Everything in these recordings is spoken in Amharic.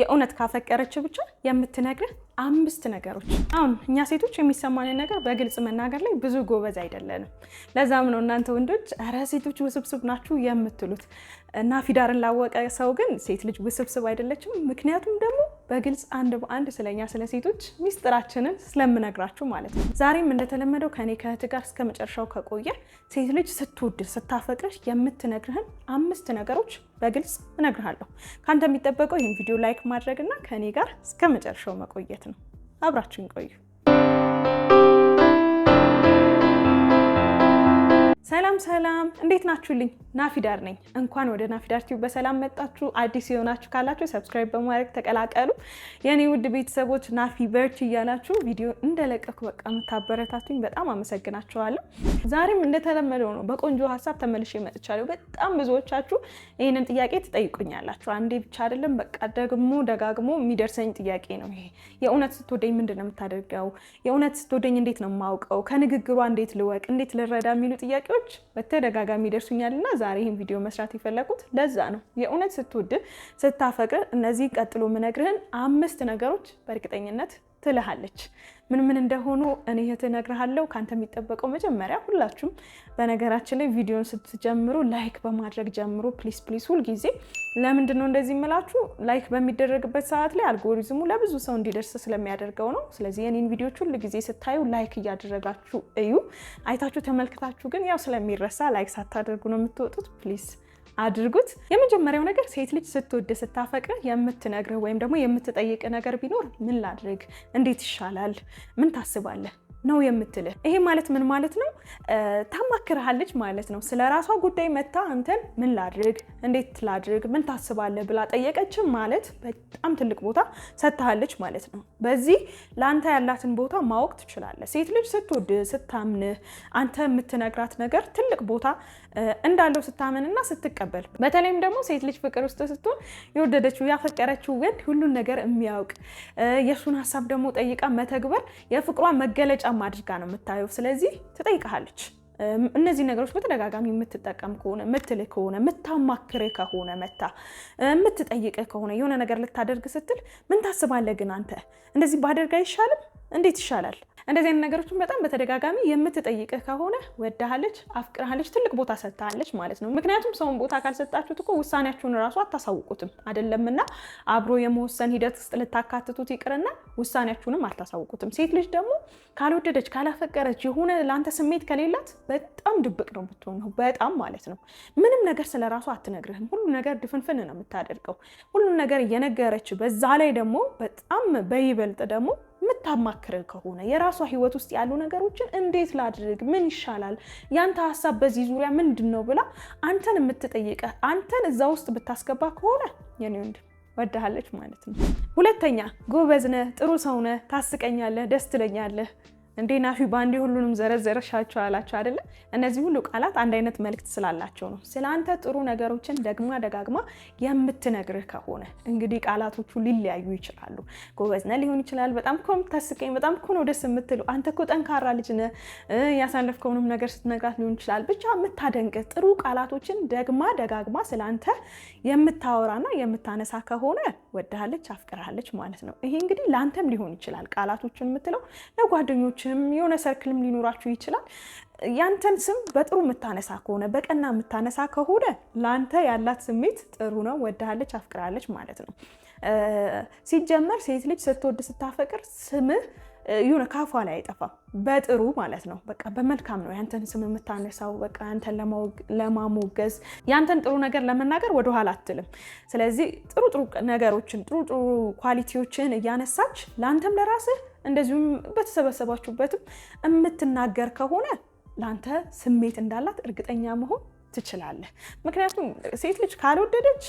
የእውነት ካፈቀረች ብቻ የምትነግርህ አምስት ነገሮች። አሁን እኛ ሴቶች የሚሰማንን ነገር በግልጽ መናገር ላይ ብዙ ጎበዝ አይደለንም። ለዛም ነው እናንተ ወንዶች ረ ሴቶች ውስብስብ ናችሁ የምትሉት እና ፊዳርን ላወቀ ሰው ግን ሴት ልጅ ውስብስብ አይደለችም፣ ምክንያቱም ደግሞ በግልጽ አንድ በአንድ ስለኛ ስለ ሴቶች ሚስጥራችንን ስለምነግራችሁ ማለት ነው። ዛሬም እንደተለመደው ከኔ ከእህት ጋር እስከ መጨረሻው ከቆየ ሴት ልጅ ስትወድ ስታፈቅርህ የምትነግርህን አምስት ነገሮች በግልጽ እነግርሃለሁ። ከአንተ የሚጠበቀው ይህን ቪዲዮ ላይክ ማድረግና ከእኔ ከኔ ጋር እስከ መጨረሻው መቆየት ነው። አብራችን ቆዩ። ሰላም ሰላም፣ እንዴት ናችሁልኝ? ናፊዳር ነኝ። እንኳን ወደ ናፊዳር ቲዩብ በሰላም መጣችሁ። አዲስ የሆናችሁ ካላችሁ ሰብስክራይብ በማድረግ ተቀላቀሉ። የኔ ውድ ቤተሰቦች ናፊ በርች እያላችሁ ቪዲዮ እንደለቀኩ በቃ የምታበረታቱኝ በጣም አመሰግናችኋለሁ። ዛሬም እንደተለመደው ነው በቆንጆ ሀሳብ ተመልሼ መጥቻለሁ። በጣም ብዙዎቻችሁ ይህንን ጥያቄ ትጠይቁኛላችሁ። አንዴ ብቻ አይደለም፣ በቃ ደግሞ ደጋግሞ የሚደርሰኝ ጥያቄ ነው ይሄ። የእውነት ስትወደኝ ምንድን ነው የምታደርገው? የእውነት ስትወደኝ እንዴት ነው የማውቀው? ከንግግሯ እንዴት ልወቅ? እንዴት ልረዳ? የሚሉ ጥያቄ ጥያቄዎች በተደጋጋሚ ደርሱኛልና ዛሬ ይህን ቪዲዮ መስራት የፈለኩት ለዛ ነው። የእውነት ስትወድ ስታፈቅር፣ እነዚህ ቀጥሎ ምነግርህን አምስት ነገሮች በእርግጠኝነት ትልሃለች። ምን ምን እንደሆኑ እኔ እነግርሃለሁ። ከአንተ የሚጠበቀው መጀመሪያ ሁላችሁም በነገራችን ላይ ቪዲዮን ስትጀምሩ ላይክ በማድረግ ጀምሩ። ፕሊስ ፕሊስ። ሁልጊዜ ለምንድን ነው እንደዚህ የምላችሁ? ላይክ በሚደረግበት ሰዓት ላይ አልጎሪዝሙ ለብዙ ሰው እንዲደርስ ስለሚያደርገው ነው። ስለዚህ የኔን ቪዲዮች ጊዜ ስታዩ ላይክ እያደረጋችሁ እዩ። አይታችሁ ተመልክታችሁ ግን ያው ስለሚረሳ ላይክ ሳታደርጉ ነው የምትወጡት። ፕሊስ አድርጉት። የመጀመሪያው ነገር ሴት ልጅ ስትወድ ስታፈቅር የምትነግርህ ወይም ደግሞ የምትጠይቅ ነገር ቢኖር ምን ላድርግ፣ እንዴት ይሻላል፣ ምን ታስባለህ? ነው የምትልህ። ይሄ ማለት ምን ማለት ነው? ታማክርሃለች ማለት ነው። ስለ ራሷ ጉዳይ መታ አንተን ምን ላድርግ፣ እንዴት ላድርግ፣ ምን ታስባለህ ብላ ጠየቀች ማለት በጣም ትልቅ ቦታ ሰጥታለች ማለት ነው። በዚህ ለአንተ ያላትን ቦታ ማወቅ ትችላለህ። ሴት ልጅ ስትወድ፣ ስታምንህ፣ አንተ የምትነግራት ነገር ትልቅ ቦታ እንዳለው ስታምንና ስትቀበል፣ በተለይም ደግሞ ሴት ልጅ ፍቅር ውስጥ ስትሆን የወደደችው ያፈቀረችው ወንድ ሁሉን ነገር የሚያውቅ የእሱን ሀሳብ ደግሞ ጠይቃ መተግበር የፍቅሯ መገለጫ ጫማ አድርጋ ነው የምታየው። ስለዚህ ትጠይቀሃለች። እነዚህ ነገሮች በተደጋጋሚ የምትጠቀም ከሆነ የምትልህ ከሆነ የምታማክርህ ከሆነ መታ የምትጠይቅህ ከሆነ የሆነ ነገር ልታደርግ ስትል ምን ታስባለህ ግን አንተ እንደዚህ ባደርግ አይሻልም እንዴት ይሻላል? እንደዚህ አይነት ነገሮችን በጣም በተደጋጋሚ የምትጠይቅህ ከሆነ ወዳሃለች፣ አፍቅርሃለች፣ ትልቅ ቦታ ሰጥታለች ማለት ነው። ምክንያቱም ሰውን ቦታ ካልሰጣችሁት እኮ ውሳኔያችሁን እራሱ አታሳውቁትም አይደለምና አብሮ የመወሰን ሂደት ውስጥ ልታካትቱት ይቅርና ውሳኔያችሁንም አልታሳውቁትም። ሴት ልጅ ደግሞ ካልወደደች፣ ካላፈቀረች፣ የሆነ ለአንተ ስሜት ከሌላት በጣም ድብቅ ነው ብትሆነው፣ በጣም ማለት ነው። ምንም ነገር ስለ ራሱ አትነግርህም። ሁሉ ነገር ድፍንፍን ነው የምታደርገው። ሁሉ ነገር እየነገረች በዛ ላይ ደግሞ በጣም በይበልጥ ደግሞ የምታማክር ከሆነ የራሷ ህይወት ውስጥ ያሉ ነገሮችን እንዴት ላድርግ፣ ምን ይሻላል፣ ያንተ ሀሳብ በዚህ ዙሪያ ምንድን ነው ብላ አንተን የምትጠይቀ አንተን እዛ ውስጥ ብታስገባ ከሆነ የኔ ወንድም ወዳሃለች ማለት ነው። ሁለተኛ ጎበዝነህ ጥሩ ሰውነህ ታስቀኛለህ፣ ደስ ትለኛለህ እንዴ ናፊ ባንዴ ሁሉንም ዘረዘረሻቸው አላቸው አይደለ? እነዚህ ሁሉ ቃላት አንድ አይነት መልእክት ስላላቸው ነው። ስለ አንተ ጥሩ ነገሮችን ደግማ ደጋግማ የምትነግርህ ከሆነ እንግዲህ ቃላቶቹ ሊለያዩ ይችላሉ። ጎበዝ ነህ ሊሆን ይችላል። በጣም እኮ የምታስቀኝ፣ በጣም እኮ ነው ደስ አንተ እኮ ጠንካራ ልጅ ነህ፣ ያሳለፍከውንም ነገር ስትነግራት ሊሆን ይችላል። ብቻ የምታደንቅህ ጥሩ ቃላቶችን ደግማ ደጋግማ ስለ አንተ የምታወራና የምታነሳ ከሆነ ወድሃለች፣ አፍቅርሃለች ማለት ነው። ይሄ እንግዲህ ለአንተም ሊሆን ይችላል ቃላቶቹን የምትለው ለጓደኞች ጓደኞችም የሆነ ሰርክልም ሊኖራችሁ ይችላል። ያንተን ስም በጥሩ የምታነሳ ከሆነ በቀና የምታነሳ ከሆነ ለአንተ ያላት ስሜት ጥሩ ነው፣ ወዳለች አፍቅራለች ማለት ነው። ሲጀመር ሴት ልጅ ስትወድ ስታፈቅር ስምህ የሆነ ካፏ ላይ አይጠፋም፣ በጥሩ ማለት ነው። በቃ በመልካም ነው ያንተን ስም የምታነሳው። በቃ ያንተን ለማሞገዝ ያንተን ጥሩ ነገር ለመናገር ወደኋላ አትልም። ስለዚህ ጥሩ ጥሩ ነገሮችን ጥሩ ጥሩ ኳሊቲዎችን እያነሳች ለአንተም ለራስህ እንደዚሁም በተሰበሰባችሁበትም የምትናገር ከሆነ ለአንተ ስሜት እንዳላት እርግጠኛ መሆን ትችላለህ። ምክንያቱም ሴት ልጅ ካልወደደች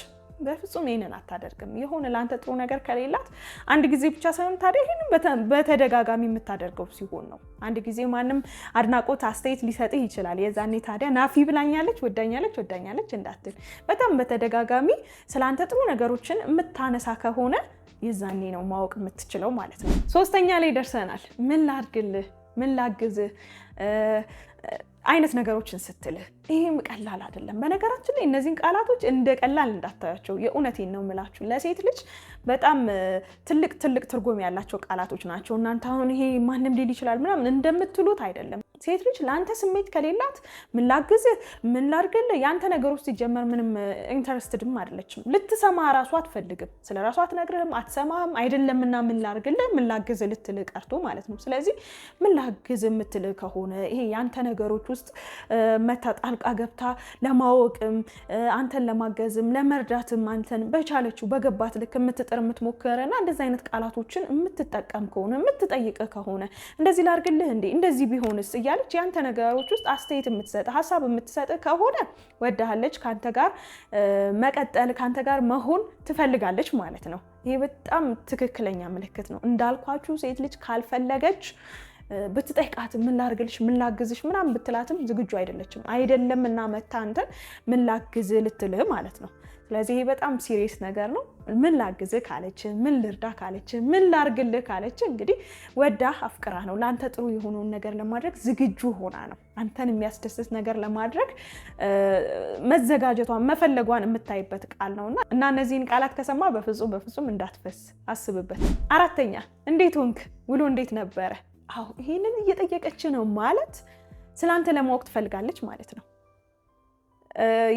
በፍጹም ይህንን አታደርግም። የሆነ ለአንተ ጥሩ ነገር ከሌላት አንድ ጊዜ ብቻ ሳይሆን ታዲያ ይህንን በተደጋጋሚ የምታደርገው ሲሆን ነው። አንድ ጊዜ ማንም አድናቆት፣ አስተያየት ሊሰጥህ ይችላል። የዛኔ ታዲያ ናፊ ብላኛለች፣ ወዳኛለች፣ ወዳኛለች እንዳትል። በጣም በተደጋጋሚ ስለ አንተ ጥሩ ነገሮችን የምታነሳ ከሆነ የዛኔ ነው ማወቅ የምትችለው ማለት ነው። ሶስተኛ ላይ ደርሰናል። ምን ላድርግልህ? ምን ላግዝህ አይነት ነገሮችን ስትልህ ይህም ቀላል አይደለም። በነገራችን ላይ እነዚህን ቃላቶች እንደ ቀላል እንዳታያቸው፣ የእውነቴን ነው የምላችሁ። ለሴት ልጅ በጣም ትልቅ ትልቅ ትርጉም ያላቸው ቃላቶች ናቸው። እናንተ አሁን ይሄ ማንም ሊል ይችላል ምናምን እንደምትሉት አይደለም። ሴት ልጅ ለአንተ ስሜት ከሌላት ምን ላግዝህ፣ ምን የአንተ ነገር ውስጥ ሲጀመር ምንም ኢንተረስትድም አይደለችም። ልትሰማ ራሱ አትፈልግም። ስለ ራሱ አትነግርህም፣ አትሰማህም። አይደለምና ምን ላድርግልህ፣ ምን ላግዝህ ቀርቶ ማለት ነው። ስለዚህ ምን ላግዝህ ከሆነ ይሄ የአንተ ነገሮች ውስጥ መታ ጣልቃ ገብታ ለማወቅም አንተን ለማገዝም ለመርዳትም አንተን በቻለችው በገባት ልክ የምትጥር የምትሞክርና እንደዚህ አይነት ቃላቶችን የምትጠቀም ከሆነ የምትጠይቅህ ከሆነ እንደዚህ ላርግልህ እንዴ እንደዚህ ቢሆንስ እያ ትወዳለች። ያንተ ነገሮች ውስጥ አስተያየት የምትሰጥ ሀሳብ የምትሰጥ ከሆነ ወዳሃለች፣ ከአንተ ጋር መቀጠል ከአንተ ጋር መሆን ትፈልጋለች ማለት ነው። ይህ በጣም ትክክለኛ ምልክት ነው። እንዳልኳችሁ ሴት ልጅ ካልፈለገች ብትጠይቃት ምን ላድርግልሽ፣ ምን ላግዝሽ ምናምን ብትላትም ዝግጁ አይደለችም። አይደለም እና መታ አንተን ምን ላግዝ ልትልህ ማለት ነው። ስለዚህ በጣም ሲሪየስ ነገር ነው። ምን ላግዝ ካለች፣ ምን ልርዳ ካለች፣ ምን ላርግልህ ካለች እንግዲህ ወዳ አፍቅራ ነው ለአንተ ጥሩ የሆነውን ነገር ለማድረግ ዝግጁ ሆና ነው። አንተን የሚያስደስት ነገር ለማድረግ መዘጋጀቷን መፈለጓን የምታይበት ቃል ነው እና እነዚህን ቃላት ከሰማ በፍጹም በፍጹም እንዳትፈስ አስብበት። አራተኛ እንዴት ሆንክ? ውሎ እንዴት ነበረ? አዎ ይሄንን እየጠየቀች ነው ማለት ስለአንተ ለማወቅ ትፈልጋለች ማለት ነው።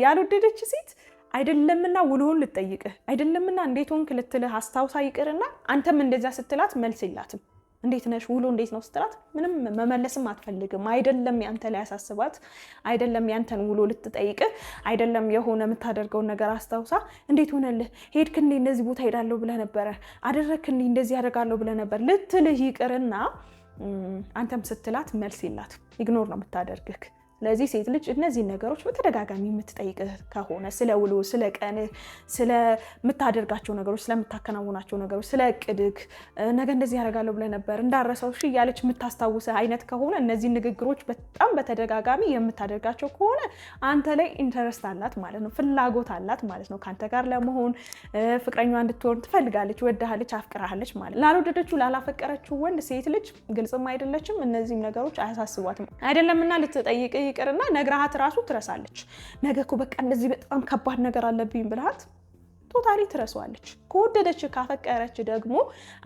ያልወደደች ሴት አይደለምና ውሎውን ልጠይቅህ አይደለምና እንዴት ሆንክ ልትልህ አስታውሳ ይቅርና አንተም እንደዚያ ስትላት መልስ የላትም። እንዴት ነሽ ውሎ እንዴት ነው ስትላት ምንም መመለስም አትፈልግም። አይደለም ያንተ ላይ ያሳስባት፣ አይደለም ያንተን ውሎ ልትጠይቅህ፣ አይደለም የሆነ የምታደርገውን ነገር አስታውሳ እንዴት ሆነልህ ሄድክ እንዴ እንደዚህ ቦታ ሄዳለሁ ብለህ ነበረ አደረክ እንዴ እንደዚህ ያደርጋለሁ ብለህ ነበር ልትልህ ይቅርና አንተም ስትላት መልስ ይላት ኢግኖር ነው የምታደርግህ። ስለዚህ ሴት ልጅ እነዚህን ነገሮች በተደጋጋሚ የምትጠይቅ ከሆነ ስለ ውሎ፣ ስለ ቀንህ፣ ስለምታደርጋቸው ነገሮች፣ ስለምታከናውናቸው ነገሮች፣ ስለ እቅድህ ነገ እንደዚህ ያደርጋለሁ ብለህ ነበር እንዳረሰው እሺ እያለች የምታስታውስህ አይነት ከሆነ እነዚህ ንግግሮች በጣም በተደጋጋሚ የምታደርጋቸው ከሆነ አንተ ላይ ኢንተረስት አላት ማለት ነው፣ ፍላጎት አላት ማለት ነው። ከአንተ ጋር ለመሆን ፍቅረኛ እንድትሆን ትፈልጋለች፣ ወዳሃለች፣ አፍቅራሃለች ማለት ላልወደደችው ላላፈቀረችው ወንድ ሴት ልጅ ግልጽም አይደለችም፣ እነዚህም ነገሮች አያሳስቧትም አይደለምና ልትጠይቅ ይቅርና ነግራሃት ራሱ ትረሳለች። ነገ እኮ በቃ እንደዚህ በጣም ከባድ ነገር አለብኝ ብልሃት ቶታሊ ትረሳዋለች። ከወደደች ካፈቀረች ደግሞ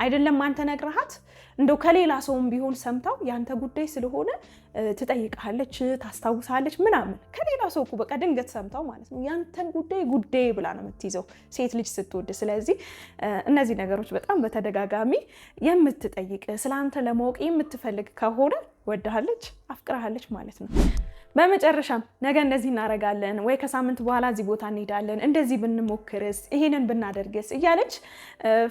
አይደለም አንተ ነግረሃት እንደው ከሌላ ሰውም ቢሆን ሰምታው ያንተ ጉዳይ ስለሆነ ትጠይቃለች፣ ታስታውሳለች ምናምን ከሌላ ሰው በቃ ድንገት ሰምታው ማለት ነው ያንተን ጉዳይ ጉዳይ ብላ ነው የምትይዘው ሴት ልጅ ስትወድ። ስለዚህ እነዚህ ነገሮች በጣም በተደጋጋሚ የምትጠይቅ ስለአንተ ለማወቅ የምትፈልግ ከሆነ ወዳሃለች፣ አፍቅራሃለች ማለት ነው። በመጨረሻም ነገ እንደዚህ እናደርጋለን ወይ ከሳምንት በኋላ እዚህ ቦታ እንሄዳለን፣ እንደዚህ ብንሞክርስ፣ ይሄንን ብናደርግስ እያለች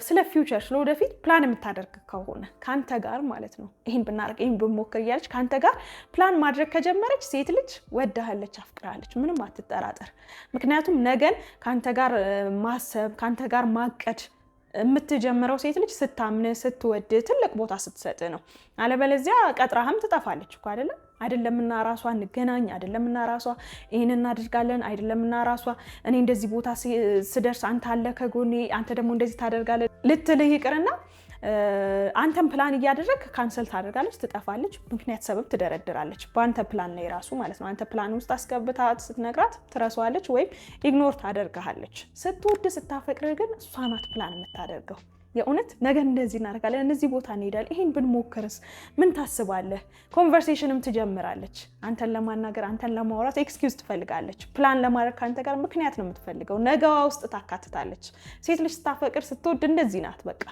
ስለ ፊውቸር ወደፊት ፕላን የምታደርግ ከሆነ ከአንተ ጋር ማለት ነው ይህን ብናደርግ ይህን ብሞክር እያለች ከአንተ ጋር ፕላን ማድረግ ከጀመረች ሴት ልጅ ወዳሃለች፣ አፍቅራለች፣ ምንም አትጠራጠር። ምክንያቱም ነገን ከአንተ ጋር ማሰብ ከአንተ ጋር ማቀድ የምትጀምረው ሴት ልጅ ስታምን ስትወድ ትልቅ ቦታ ስትሰጥ ነው። አለበለዚያ ቀጥራህም ትጠፋለች እኮ አይደለም አይደለምና ራሷ እንገናኝ፣ አይደለምና ራሷ ይህን እናደርጋለን፣ አይደለምና ራሷ እኔ እንደዚህ ቦታ ስደርስ አንተ አለ ከጎኔ፣ አንተ ደግሞ እንደዚህ ታደርጋለን ልትልህ ይቅርና አንተን ፕላን እያደረግ ካንሰል ታደርጋለች፣ ትጠፋለች፣ ምክንያት ሰበብ ትደረድራለች። በአንተ ፕላን ላይ ራሱ ማለት ነው። አንተ ፕላን ውስጥ አስገብታት ስትነግራት ትረሳዋለች ወይም ኢግኖር ታደርግሃለች። ስትወድ ስታፈቅር ግን እሷ ናት ፕላን የምታደርገው። የእውነት ነገ እንደዚህ እናደርጋለን፣ እነዚህ ቦታ እንሄዳለን፣ ይሄን ብንሞክርስ ምን ታስባለህ? ኮንቨርሴሽንም ትጀምራለች። አንተን ለማናገር አንተን ለማውራት ኤክስኪውዝ ትፈልጋለች። ፕላን ለማድረግ ከአንተ ጋር ምክንያት ነው የምትፈልገው። ነገዋ ውስጥ ታካትታለች። ሴት ልጅ ስታፈቅር ስትወድ እንደዚህ ናት። በቃ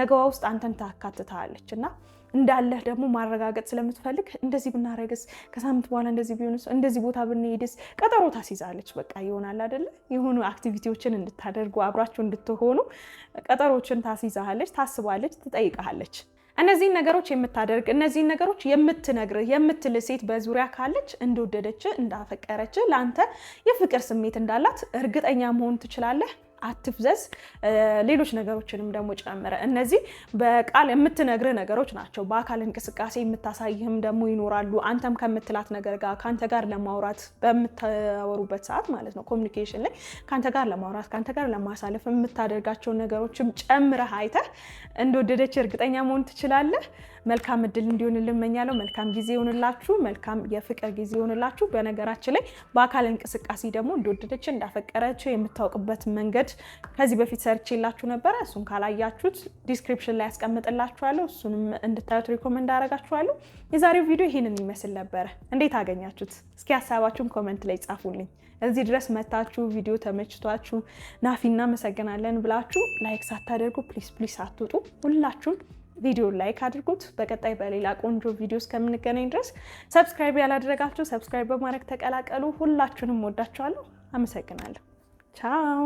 ነገዋ ውስጥ አንተን ታካትታለች እና እንዳለህ ደግሞ ማረጋገጥ ስለምትፈልግ እንደዚህ ብናረግስ፣ ከሳምንት በኋላ እንደዚህ ቢሆንስ፣ እንደዚህ ቦታ ብንሄድስ፣ ቀጠሮ ታስይዛለች። በቃ ይሆናል አይደለ? የሆኑ አክቲቪቲዎችን እንድታደርጉ አብራችሁ እንድትሆኑ ቀጠሮችን ታስይዛለች፣ ታስባለች፣ ትጠይቃለች። እነዚህን ነገሮች የምታደርግ እነዚህን ነገሮች የምትነግር የምትል ሴት በዙሪያ ካለች እንደወደደች እንዳፈቀረች ለአንተ የፍቅር ስሜት እንዳላት እርግጠኛ መሆን ትችላለህ። አትፍዘዝ፣ ሌሎች ነገሮችንም ደግሞ ጨምረ። እነዚህ በቃል የምትነግር ነገሮች ናቸው። በአካል እንቅስቃሴ የምታሳይህም ደግሞ ይኖራሉ። አንተም ከምትላት ነገር ጋር ከአንተ ጋር ለማውራት በምታወሩበት ሰዓት ማለት ነው ኮሚኒኬሽን ላይ ከአንተ ጋር ለማውራት ከአንተ ጋር ለማሳለፍ የምታደርጋቸውን ነገሮችም ጨምረህ አይተህ እንደወደደች እርግጠኛ መሆን ትችላለህ። መልካም እድል እንዲሆን ልመኛለሁ። መልካም ጊዜ ይሆንላችሁ። መልካም የፍቅር ጊዜ ይሆንላችሁ። በነገራችን ላይ በአካል እንቅስቃሴ ደግሞ እንደወደደች እንዳፈቀረችው የምታውቅበት መንገድ ከዚህ በፊት ሰርቼላችሁ ነበረ። እሱን ካላያችሁት ዲስክሪፕሽን ላይ ያስቀምጥላችኋለሁ። እሱንም እንድታዩት ሪኮመንድ አደርጋችኋለሁ። የዛሬው ቪዲዮ ይህንን ይመስል ነበረ። እንዴት አገኛችሁት? እስኪ ሀሳባችሁን ኮመንት ላይ ጻፉልኝ። እዚህ ድረስ መታችሁ ቪዲዮ ተመችቷችሁ ናፊ እናመሰግናለን ብላችሁ ላይክ ሳታደርጉ ፕሊስ ፕሊስ አትውጡ ሁላችሁም ቪዲዮ ላይክ አድርጉት። በቀጣይ በሌላ ቆንጆ ቪዲዮ እስከምንገናኝ ድረስ ሰብስክራይብ ያላደረጋችሁ ሰብስክራይብ በማድረግ ተቀላቀሉ። ሁላችሁንም ወዳችኋለሁ። አመሰግናለሁ። ቻው